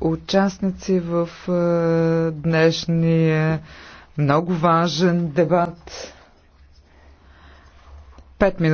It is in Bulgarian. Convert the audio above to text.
участници в е, днешния много важен дебат. Пет минути.